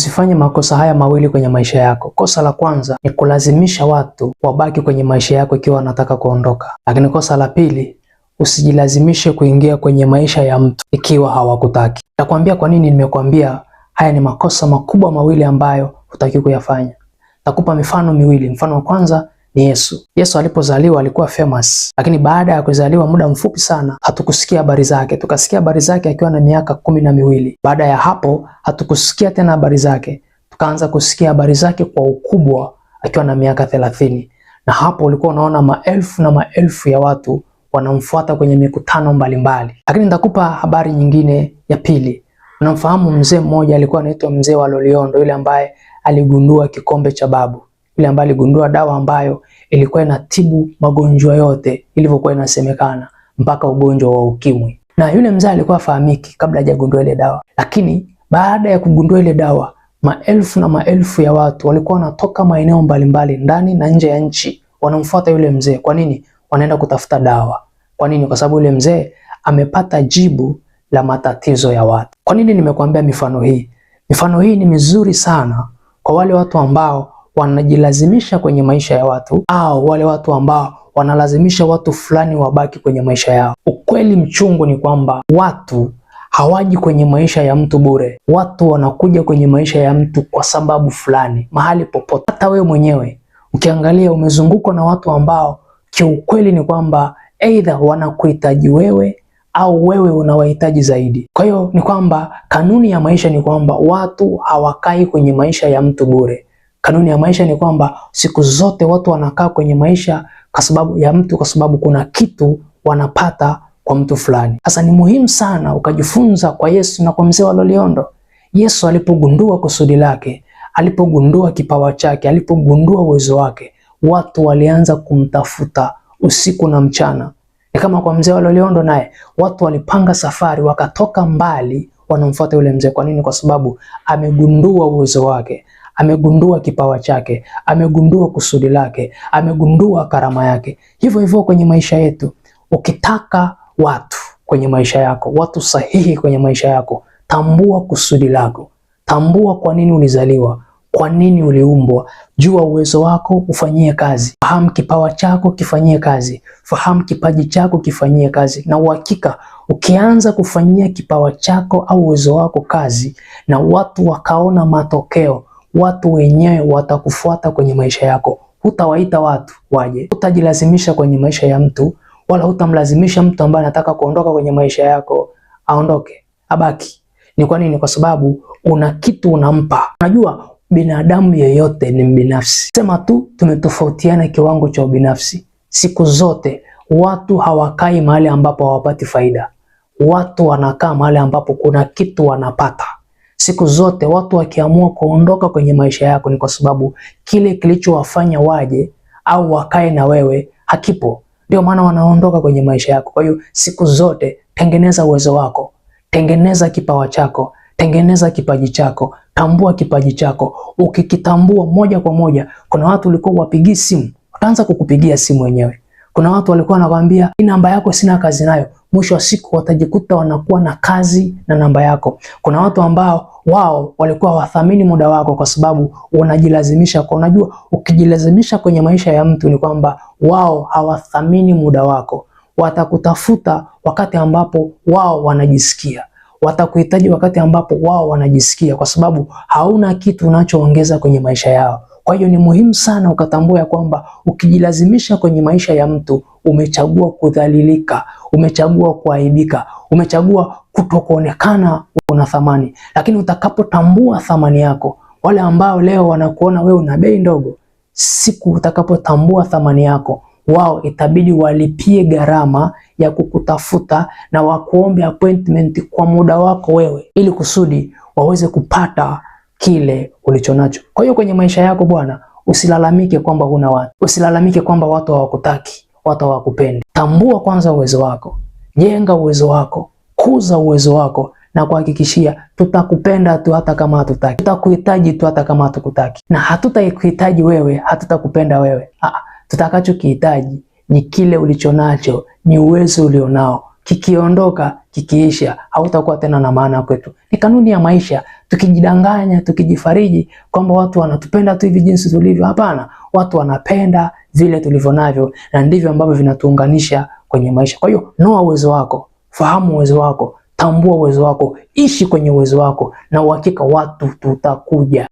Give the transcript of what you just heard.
Usifanye makosa haya mawili kwenye maisha yako. Kosa la kwanza ni kulazimisha watu wabaki kwenye maisha yako ikiwa wanataka kuondoka, lakini kosa la pili usijilazimishe kuingia kwenye maisha ya mtu ikiwa hawakutaki. Takwambia kwa nini nimekwambia haya ni makosa makubwa mawili ambayo hutaki kuyafanya. Takupa mifano miwili. Mfano wa kwanza ni Yesu. Yesu alipozaliwa alikuwa famous, lakini baada ya kuzaliwa muda mfupi sana hatukusikia habari zake. Tukasikia habari zake akiwa na miaka kumi na miwili. Baada ya hapo hatukusikia tena habari zake, tukaanza kusikia habari zake kwa ukubwa akiwa na miaka thelathini, na hapo ulikuwa unaona maelfu na maelfu ya watu wanamfuata kwenye mikutano mbalimbali. Lakini nitakupa habari nyingine ya pili. Unamfahamu mzee mmoja alikuwa anaitwa mzee wa Loliondo, yule ambaye aligundua kikombe cha babu yule ambaye aligundua dawa ambayo ilikuwa inatibu magonjwa yote ilivyokuwa inasemekana mpaka ugonjwa wa ukimwi. Na yule mzee alikuwa afahamiki kabla hajagundua ile dawa, lakini baada ya kugundua ile dawa, maelfu na maelfu ya watu walikuwa wanatoka maeneo mbalimbali ndani na nje ya nchi wanamfuata yule mzee. Kwa nini? Wanaenda kutafuta dawa. Kwa nini? Kwa sababu yule mzee amepata jibu la matatizo ya watu. Kwa nini nimekuambia mifano hii? Mifano hii ni mizuri sana kwa wale watu ambao wanajilazimisha kwenye maisha ya watu au wale watu ambao wanalazimisha watu fulani wabaki kwenye maisha yao. Ukweli mchungu ni kwamba watu hawaji kwenye maisha ya mtu bure. Watu wanakuja kwenye maisha ya mtu kwa sababu fulani, mahali popote. Hata wewe mwenyewe ukiangalia, umezungukwa na watu ambao kiukweli ni kwamba aidha wanakuhitaji wewe au wewe unawahitaji zaidi. Kwa hiyo ni kwamba kanuni ya maisha ni kwamba watu hawakai kwenye maisha ya mtu bure. Kanuni ya maisha ni kwamba siku zote watu wanakaa kwenye maisha kwa sababu ya mtu, kwa sababu kuna kitu wanapata kwa mtu fulani. Sasa ni muhimu sana ukajifunza kwa Yesu na kwa mzee wa Loliondo. Yesu alipogundua kusudi lake, alipogundua kipawa chake, alipogundua uwezo wake, watu walianza kumtafuta usiku na mchana. Ni kama kwa mzee wa Loliondo, naye watu walipanga safari, wakatoka mbali wanamfuata yule mzee. Kwa nini? Kwa sababu amegundua uwezo wake, amegundua kipawa chake, amegundua kusudi lake, amegundua karama yake. Hivyo hivyo kwenye maisha yetu, ukitaka watu kwenye maisha yako, watu sahihi kwenye maisha yako, tambua kusudi lako, tambua kwa nini ulizaliwa, kwa nini uliumbwa. Jua uwezo wako, ufanyie kazi. Fahamu kipawa chako, kifanyie kazi. Fahamu kipaji chako, kifanyie kazi. Na uhakika ukianza kufanyia kipawa chako au uwezo wako kazi na watu wakaona matokeo watu wenyewe watakufuata kwenye maisha yako. Hutawaita watu waje, hutajilazimisha kwenye maisha ya mtu, wala hutamlazimisha mtu ambaye anataka kuondoka kwenye maisha yako aondoke, abaki. Ni kwa nini? Kwa sababu una kitu unampa. Unajua binadamu yeyote ni mbinafsi, sema tu tumetofautiana kiwango cha ubinafsi. Siku zote watu hawakai mahali ambapo hawapati faida, watu wanakaa mahali ambapo kuna kitu wanapata. Siku zote watu wakiamua kuondoka kwenye maisha yako ni kwa sababu kile kilichowafanya waje au wakae na wewe hakipo, ndio maana wanaondoka kwenye maisha yako. Kwa hiyo siku zote tengeneza uwezo wako, tengeneza kipawa chako, tengeneza kipaji chako, tambua kipaji chako. Ukikitambua moja kwa moja, kuna watu ulikuwa wapigii simu, wataanza kukupigia simu wenyewe. Kuna watu walikuwa wanakwambia hii namba yako sina kazi nayo, mwisho wa siku watajikuta wanakuwa na kazi na namba yako. Kuna watu ambao wao walikuwa wathamini muda wako kwa sababu unajilazimisha kwa, unajua ukijilazimisha kwenye maisha ya mtu ni kwamba wao hawathamini muda wako, watakutafuta wakati ambapo wao wanajisikia watakuhitaji wakati ambapo wao wanajisikia, kwa sababu hauna kitu unachoongeza kwenye maisha yao. Kwa hiyo ni muhimu sana ukatambua ya kwamba ukijilazimisha kwenye maisha ya mtu, umechagua kudhalilika, umechagua kuaibika, umechagua kutokuonekana una thamani. Lakini utakapotambua thamani yako, wale ambao leo wanakuona wewe una bei ndogo, siku utakapotambua thamani yako wao itabidi walipie gharama ya kukutafuta na wakuombe appointment kwa muda wako wewe, ili kusudi waweze kupata kile ulicho nacho. Kwa hiyo kwenye maisha yako bwana, usilalamike kwamba huna watu, usilalamike kwamba watu hawakutaki, watu hawakupendi. Tambua kwanza uwezo wako, jenga uwezo wako, kuza uwezo wako na kuhakikishia tutakupenda tu hata kama hatutaki, tutakuhitaji tu hata kama hatukutaki, na hatutakuhitaji wewe, hatutakupenda wewe. Ah, ah Tutakachokihitaji ni kile ulichonacho, ni uwezo ulionao. Kikiondoka, kikiisha, hautakuwa tena na maana kwetu. Ni kanuni ya maisha tukijidanganya, tukijifariji kwamba watu wanatupenda tu hivi jinsi tulivyo. Hapana, watu wanapenda vile tulivyo navyo, na ndivyo ambavyo vinatuunganisha kwenye maisha. Kwa hiyo noa uwezo wako, fahamu uwezo wako, tambua uwezo wako, ishi kwenye uwezo wako, na uhakika watu tutakuja.